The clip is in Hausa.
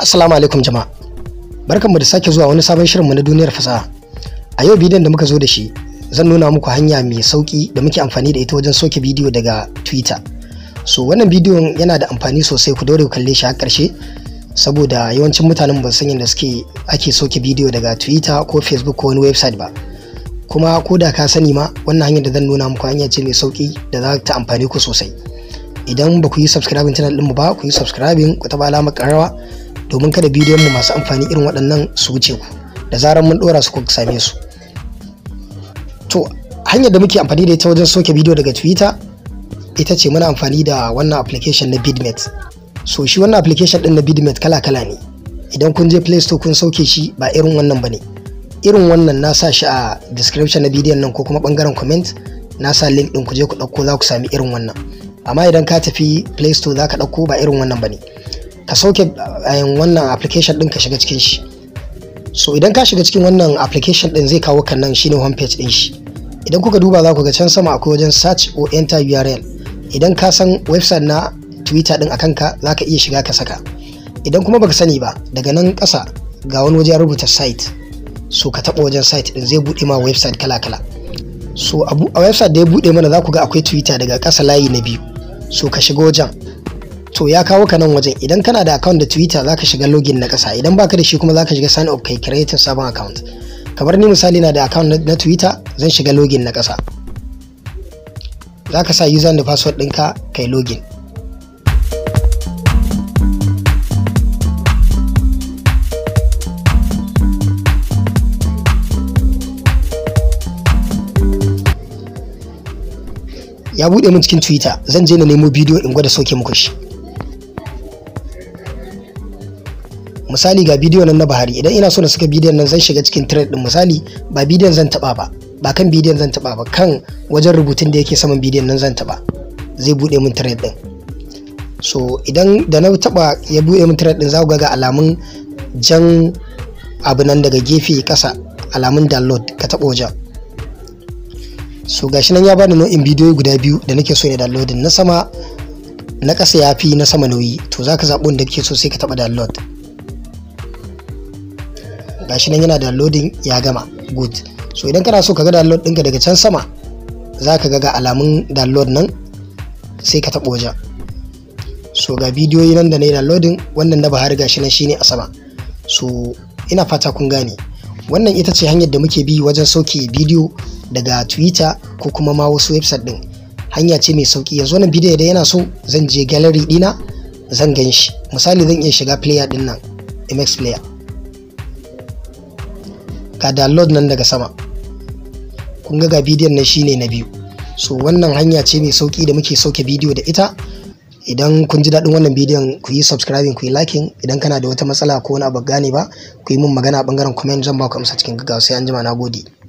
Assalamu alaikum jama'a. mu da sake zuwa wani sabon shirinmu na duniyar fasaha. A yau bidiyon da muka zo da shi zan nuna muku hanya mai sauki da muke amfani da ita wajen soke bidiyo daga Twitter. So wannan bidiyon yana da amfani sosai ku dore ku kalle shi har ƙarshe saboda yawancin mutanen ba san yadda suke ake soke bidiyo daga Twitter ko Facebook ko wani website ba. Kuma ko da ka sani ma wannan hanyar da zan nuna muku hanya ce mai sauki da za ta amfani ku sosai. Idan ba ku yi subscribing channel ɗinmu ba ku yi subscribing ku taɓa alamar ƙararrawa domin kada bidiyon mu masu amfani irin waɗannan su wuce ku da zarar mun ɗora su ku same su to hanyar da muke amfani da ita wajen soke bidiyo daga twitter ita ce muna amfani da wannan application na bidmet so shi wannan application din na bidmet kala-kala ne idan kun je play store kun sauke shi ba irin wannan ba ne irin wannan na sa shi a description na bidiyon nan ko kuma bangaren comment na sa link ɗin ku je ku ɗauko za ku sami irin wannan amma idan ka tafi play store za ka ɗauko ba irin wannan ba ne ka sauke eh, wannan application din ka shiga cikin shi so idan ka shiga cikin wannan application din zai kawo kan nan shine page din shi idan kuka duba za ku ga can sama akwai wajen search or enter url idan ka san website na twitter din akan ka za ka iya shiga ka saka idan kuma baka sani ba daga nan ƙasa ga wani waje rubuta site so ka taɓa wajen site din zai buɗe ma website kala-kala so a website da ya buɗe mana za ku ga akwai twitter daga ƙasa layi na biyu so ka shiga wajen to ya kawo ka nan wajen idan kana da account da twitter zaka shiga login na kasa idan baka da shi kuma zaka shiga sign up kai create sabon account kamar ni misali na da account na twitter zan shiga login na kasa zaka sa user da password ɗinka kai login ya buɗe min cikin twitter zan je na nemo bidiyo in gwada soke muku shi misali ga bidiyo nan na Buhari idan ina so na saka bidiyon nan zan shiga cikin thread din misali ba bidiyon zan taba ba ba kan bidiyon zan taba ba kan wajen rubutun da yake saman bidiyon nan zan taba zai bude min thread din so idan da na taba ya bude min thread din za ku ga alamun jan abu nan daga gefe kasa alamun download ka taba wajen so gashi nan ya bani nau'in bidiyo guda biyu da nake so ne downloading na sama na kasa ya fi na sama nauyi to za ka zaɓi wanda kake so sai ka taɓa download gashi nan yana downloading ya gama good so idan kana so ka ga download ɗinka daga can sama za ka ga alamun download nan sai ka taɓo wajen so ga bidiyoyi nan da na yi downloading wannan na bahari gashi nan shine a sama so ina fata kun gane wannan ita ce hanyar da muke bi wajen sauke bidiyo daga twitter ko kuma ma wasu website ɗin hanya ce mai sauki yanzu wannan bidiyo idan yana so zan je gallery dina zan gan shi misali zan iya shiga player din nan mx player ga download nan daga sama kun ga ga bidiyon nan shine na biyu so wannan hanya ce mai sauki da muke sauke bidiyo da ita idan kun ji daɗin wannan bidiyon ku yi subscribing ku yi liking idan kana da wata matsala ko wani abu gane ba ku yi min magana a bangaren comment zan ba ku amsa cikin gaggawa sai an jima na gode